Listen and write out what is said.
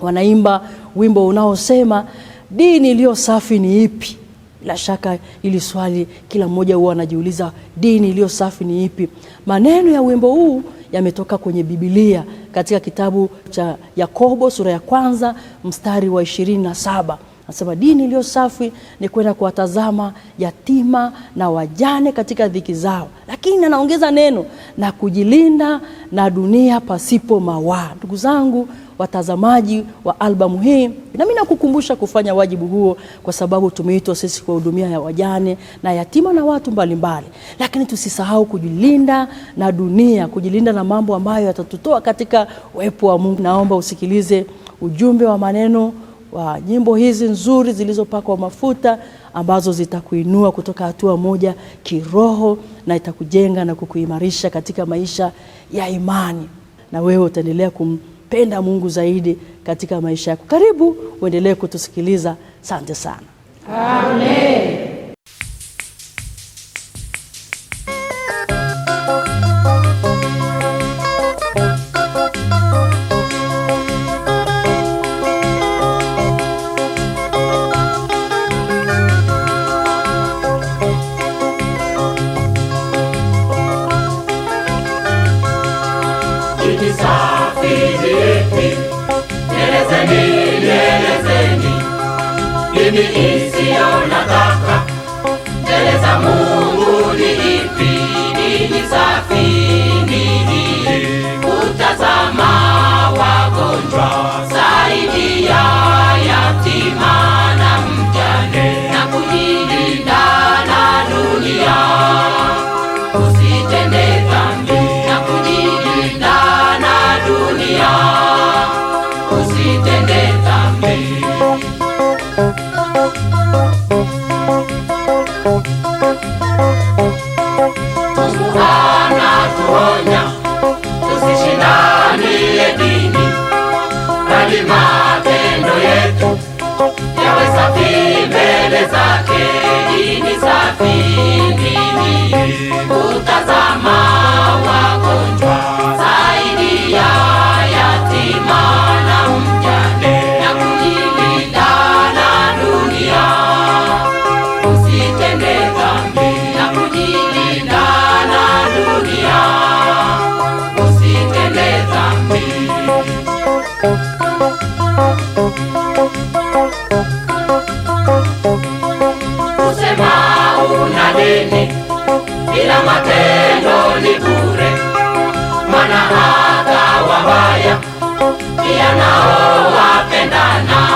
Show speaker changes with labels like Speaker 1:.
Speaker 1: wanaimba wimbo unaosema dini iliyo safi ni ipi? Bila shaka ili swali kila mmoja huwa anajiuliza, dini iliyo safi ni ipi? Maneno ya wimbo huu yametoka kwenye Biblia katika kitabu cha Yakobo sura ya kwanza mstari wa ishirini na saba. Anasema dini iliyo safi ni kwenda kuwatazama yatima na wajane katika dhiki zao, lakini anaongeza neno na kujilinda na dunia pasipo mawaa. Ndugu zangu watazamaji wa albamu hii, nami nakukumbusha kufanya wajibu huo, kwa sababu tumeitwa sisi kuwahudumia ya wajane na yatima na watu mbalimbali mbali. Lakini tusisahau kujilinda na dunia, kujilinda na mambo ambayo yatatutoa katika uwepo wa Mungu. Naomba usikilize ujumbe wa maneno wa nyimbo hizi nzuri zilizopakwa mafuta ambazo zitakuinua kutoka hatua moja kiroho na itakujenga na kukuimarisha katika maisha ya imani, na wewe utaendelea kumpenda Mungu zaidi katika maisha yako. Karibu uendelee kutusikiliza. Asante sana,
Speaker 2: amen. Miti safi zipi, nyelezeni, nyelezeni, dini isiyo na Okay. Kusema una dini ila matendo ni bure, mana hata wabaya pia nao wapendana.